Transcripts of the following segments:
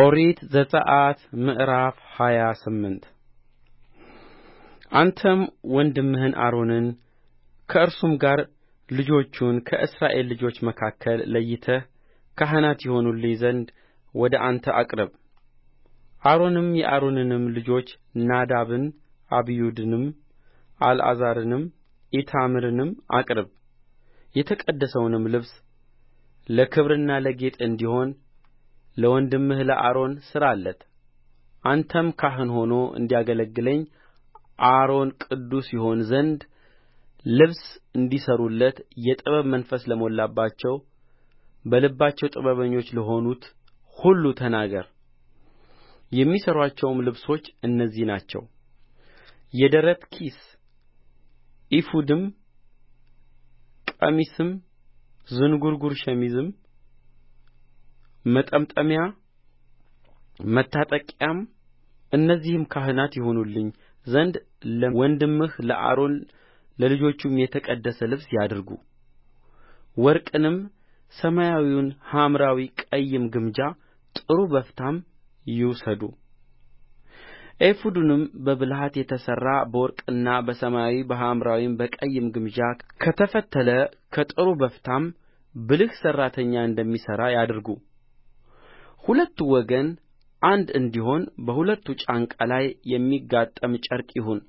ኦሪት ዘጽአት ምዕራፍ ሃያ ስምንት አንተም ወንድምህን አሮንን ከእርሱም ጋር ልጆቹን ከእስራኤል ልጆች መካከል ለይተህ ካህናት ይሆኑልኝ ዘንድ ወደ አንተ አቅርብ አሮንም የአሮንንም ልጆች ናዳብን አብዩድንም አልዓዛርንም ኢታምርንም አቅርብ የተቀደሰውንም ልብስ ለክብርና ለጌጥ እንዲሆን ለወንድምህ ለአሮን ሥራለት አንተም ካህን ሆኖ እንዲያገለግለኝ አሮን ቅዱስ ይሆን ዘንድ ልብስ እንዲሠሩለት የጥበብ መንፈስ ለሞላባቸው በልባቸው ጥበበኞች ለሆኑት ሁሉ ተናገር የሚሠሩአቸውም ልብሶች እነዚህ ናቸው የደረት ኪስ ኤፉድም ቀሚስም ዝንጕርጕር ሸሚዝም መጠምጠሚያ መታጠቂያም እነዚህም ካህናት ይሆኑልኝ ዘንድ ለወንድምህ ለአሮን ለልጆቹም የተቀደሰ ልብስ ያድርጉ ወርቅንም ሰማያዊውን ሐምራዊ ቀይም ግምጃ ጥሩ በፍታም ይውሰዱ ኤፉዱንም በብልሃት የተሠራ በወርቅና በሰማያዊ በሐምራዊም በቀይም ግምጃ ከተፈተለ ከጥሩ በፍታም ብልህ ሠራተኛ እንደሚሠራ ያድርጉ ሁለቱ ወገን አንድ እንዲሆን በሁለቱ ጫንቃ ላይ የሚጋጠም ጨርቅ ይሁን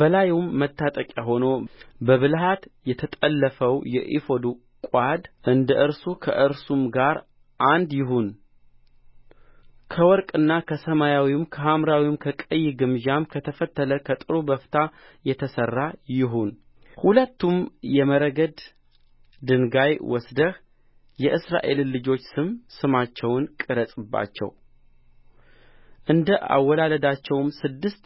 በላዩም መታጠቂያ ሆኖ በብልሃት የተጠለፈው የኤፉዱ ቋድ እንደ እርሱ ከእርሱም ጋር አንድ ይሁን ከወርቅና ከሰማያዊ ከሐምራዊም ከቀይ ግምጃም ከተፈተለ ከጥሩ በፍታ የተሠራ ይሁን ሁለቱም የመረግድ ድንጋይ ወስደህ የእስራኤልን ልጆች ስም ስማቸውን ቅረጽባቸው እንደ አወላለዳቸው ስድስት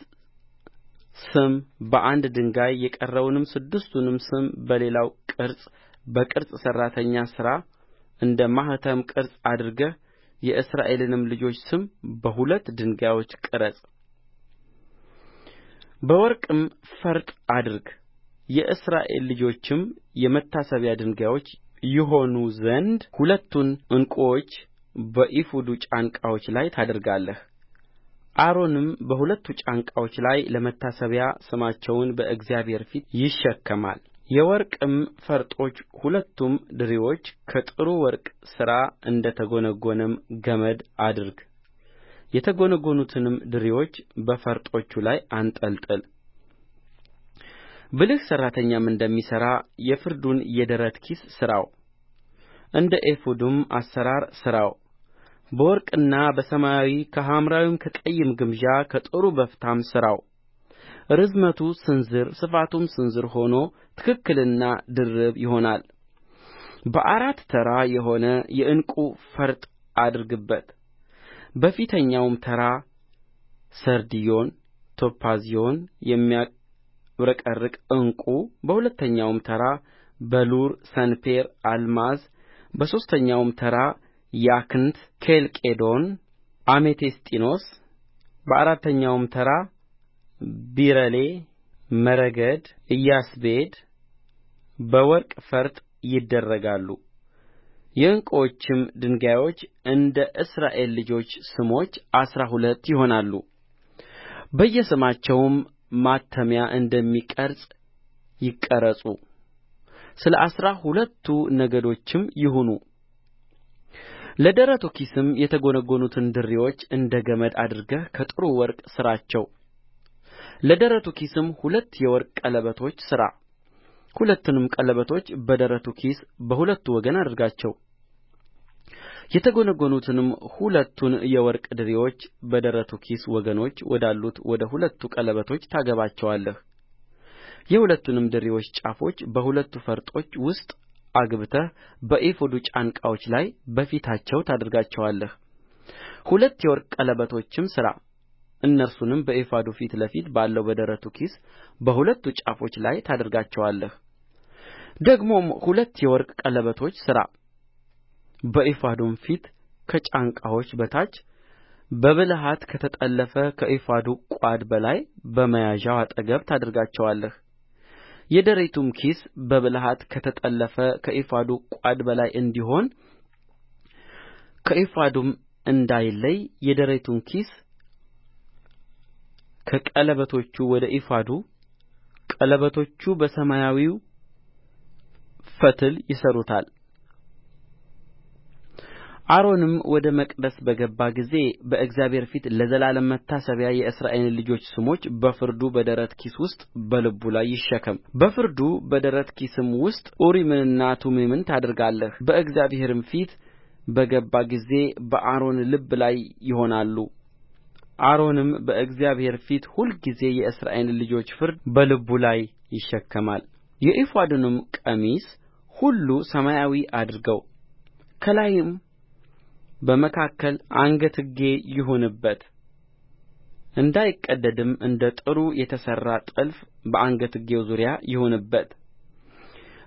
ስም በአንድ ድንጋይ የቀረውን ስድስቱንም ስም በሌላው ቅርጽ በቅርጽ ሠራተኛ ሥራ እንደ ማኅተም ቅርጽ አድርገህ የእስራኤልንም ልጆች ስም በሁለት ድንጋዮች ቅረጽ በወርቅም ፈርጥ አድርግ የእስራኤል ልጆችም የመታሰቢያ ድንጋዮች ይሆኑ ዘንድ ሁለቱን ዕንቍዎች በኤፉዱ ጫንቃዎች ላይ ታደርጋለህ አሮንም በሁለቱ ጫንቃዎች ላይ ለመታሰቢያ ስማቸውን በእግዚአብሔር ፊት ይሸከማል የወርቅም ፈርጦች ሁለቱም ድሪዎች ከጥሩ ወርቅ ሥራ እንደ ተጐነጐነም ገመድ አድርግ የተጐነጐኑትንም ድሪዎች በፈርጦቹ ላይ አንጠልጥል ብልህ ሠራተኛም እንደሚሠራ የፍርዱን የደረት ኪስ ሥራው እንደ ኤፉዱም አሠራር ሥራው በወርቅና በሰማያዊ ከሐምራዊም ከቀይም ግምጃ ከጥሩ በፍታም ሥራው ርዝመቱ ስንዝር ስፋቱም ስንዝር ሆኖ ትክክልና ድርብ ይሆናል በአራት ተራ የሆነ የዕንቍ ፈርጥ አድርግበት በፊተኛውም ተራ ሰርድዮን ቶጳዝዮን የሚያብረቀርቅ ዕንቍ በሁለተኛውም ተራ በሉር ሰንፔር አልማዝ በሦስተኛውም ተራ ያክንት ኬልቄዶን አሜቴስጢኖስ በአራተኛውም ተራ ቢረሌ መረግድ ኢያስጲድ በወርቅ ፈርጥ ይደረጋሉ የዕንቍዎቹም ድንጋዮች እንደ እስራኤል ልጆች ስሞች አሥራ ሁለት ይሆናሉ በየስማቸውም ማተሚያ እንደሚቀረጽ ይቀረጹ ስለ አሥራ ሁለቱ ነገዶችም ይሁኑ ለደረቱ ኪስም የተጐነጐኑትን ድሪዎች እንደ ገመድ አድርገህ ከጥሩ ወርቅ ሥራቸው ለደረቱ ኪስም ሁለት የወርቅ ቀለበቶች ሥራ ሁለቱንም ቀለበቶች በደረቱ ኪስ በሁለቱ ወገን አድርጋቸው የተጐነጐኑትንም ሁለቱን የወርቅ ድሪዎች በደረቱ ኪስ ወገኖች ወዳሉት ወደ ሁለቱ ቀለበቶች ታገባቸዋለህ የሁለቱንም ድሪዎች ጫፎች በሁለቱ ፈርጦች ውስጥ አግብተህ በኤፉዱ ጫንቃዎች ላይ በፊታቸው ታደርጋቸዋለህ ሁለት የወርቅ ቀለበቶችም ሥራ እነርሱንም በኤፉዱ ፊት ለፊት ባለው በደረቱ ኪስ በሁለቱ ጫፎች ላይ ታደርጋቸዋለህ ደግሞም ሁለት የወርቅ ቀለበቶች ሥራ በኤፉዱም ፊት ከጫንቃዎች በታች በብልሃት ከተጠለፈ ከኤፉዱ ቋድ በላይ በመያዣው አጠገብ ታደርጋቸዋለህ የደረቱም ኪስ በብልሃት ከተጠለፈ ከኤፉዱ ቋድ በላይ እንዲሆን ከኤፉዱም እንዳይለይ የደረቱን ኪስ ከቀለበቶቹ ወደ ኤፉዱ ቀለበቶቹ በሰማያዊ ፈትል ይሠሩታል አሮንም ወደ መቅደስ በገባ ጊዜ በእግዚአብሔር ፊት ለዘላለም መታሰቢያ የእስራኤልን ልጆች ስሞች በፍርዱ በደረት ኪስ ውስጥ በልቡ ላይ ይሸከም በፍርዱ በደረት ኪስም ውስጥ ኡሪምንና ቱሚምን ታደርጋለህ በእግዚአብሔርም ፊት በገባ ጊዜ በአሮን ልብ ላይ ይሆናሉ አሮንም በእግዚአብሔር ፊት ሁልጊዜ የእስራኤልን ልጆች ፍርድ በልቡ ላይ ይሸከማል የኤፉዱንም ቀሚስ ሁሉ ሰማያዊ አድርገው ከላይም በመካከል አንገትጌ ይሁንበት እንዳይቀደድም እንደ ጥሩ የተሠራ ጥልፍ በአንገትጌው ዙሪያ ይሁንበት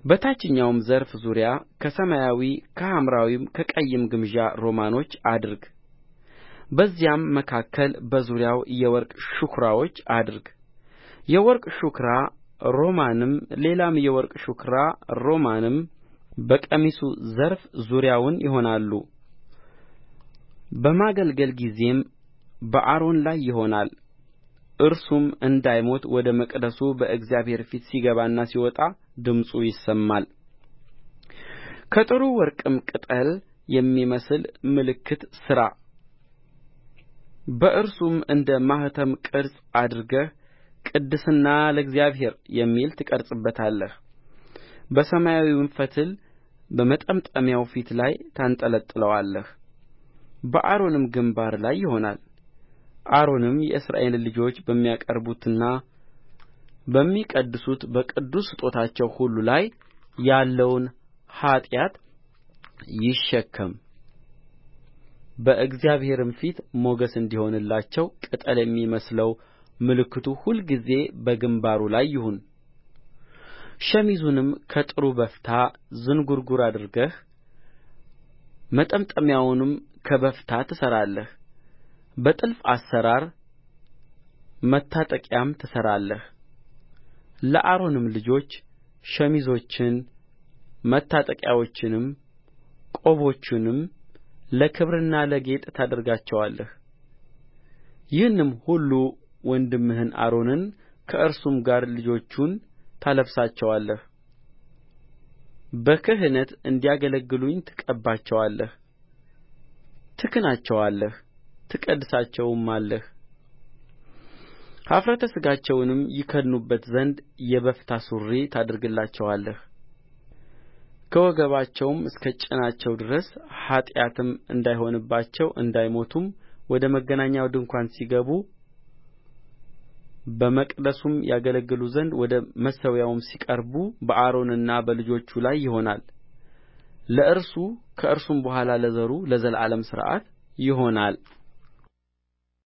በታችኛው ዘርፍ ዙሪያ ከሰማያዊ ከሐምራዊም ከቀይም ግምጃ ሮማኖች አድርግ በዚያም መካከል በዙሪያው የወርቅ ሻኵራዎች አድርግ የወርቅ ሻኵራ ሮማንም ሌላም የወርቅ ሻኵራ ሮማንም በቀሚሱ ዘርፍ ዙሪያውን ይሆናሉ በማገልገል ጊዜም በአሮን ላይ ይሆናል እርሱም እንዳይሞት ወደ መቅደሱ በእግዚአብሔር ፊት ሲገባና ሲወጣ ድምፁ ይሰማል ከጥሩ ወርቅም ቅጠል የሚመስል ምልክት ሥራ በእርሱም እንደ ማኅተም ቅርጽ አድርገህ ቅድስና ለእግዚአብሔር የሚል ትቀርጽበታለህ በሰማያዊም ፈትል በመጠምጠሚያው ፊት ላይ ታንጠለጥለዋለህ በአሮንም ግምባር ላይ ይሆናል አሮንም የእስራኤልን ልጆች በሚያቀርቡትና በሚቀድሱት በቅዱስ ስጦታቸው ሁሉ ላይ ያለውን ኃጢአት ይሸከም በእግዚአብሔርም ፊት ሞገስ እንዲሆንላቸው ቅጠል የሚመስለው ምልክቱ ሁልጊዜ በግምባሩ ላይ ይሁን ሸሚዙንም ከጥሩ በፍታ ዝንጕርጕር አድርገህ መጠምጠሚያውንም ከበፍታ ትሠራለህ በጥልፍ አሠራር መታጠቂያም ትሠራለህ ለአሮንም ልጆች ሸሚዞችን መታጠቂያዎችንም ቆቦችንም ለክብርና ለጌጥ ታደርጋቸዋለህ ይህንም ሁሉ ወንድምህን አሮንን ከእርሱም ጋር ልጆቹን ታለብሳቸዋለህ በክህነት እንዲያገለግሉኝ ትቀባቸዋለህ ትክናቸዋለህ ትቀድሳቸውማለህ ኀፍረተ ሥጋቸውንም ይከድኑበት ዘንድ የበፍታ ሱሪ ታደርግላቸዋለህ ከወገባቸውም እስከ ጭናቸው ድረስ ኃጢአትም እንዳይሆንባቸው እንዳይሞቱም ወደ መገናኛው ድንኳን ሲገቡ በመቅደሱም ያገለግሉ ዘንድ ወደ መሠዊያው ሲቀርቡ በአሮንና በልጆቹ ላይ ይሆናል ለእርሱ ከእርሱም በኋላ ለዘሩ ለዘላለም ሥርዓት ይሆናል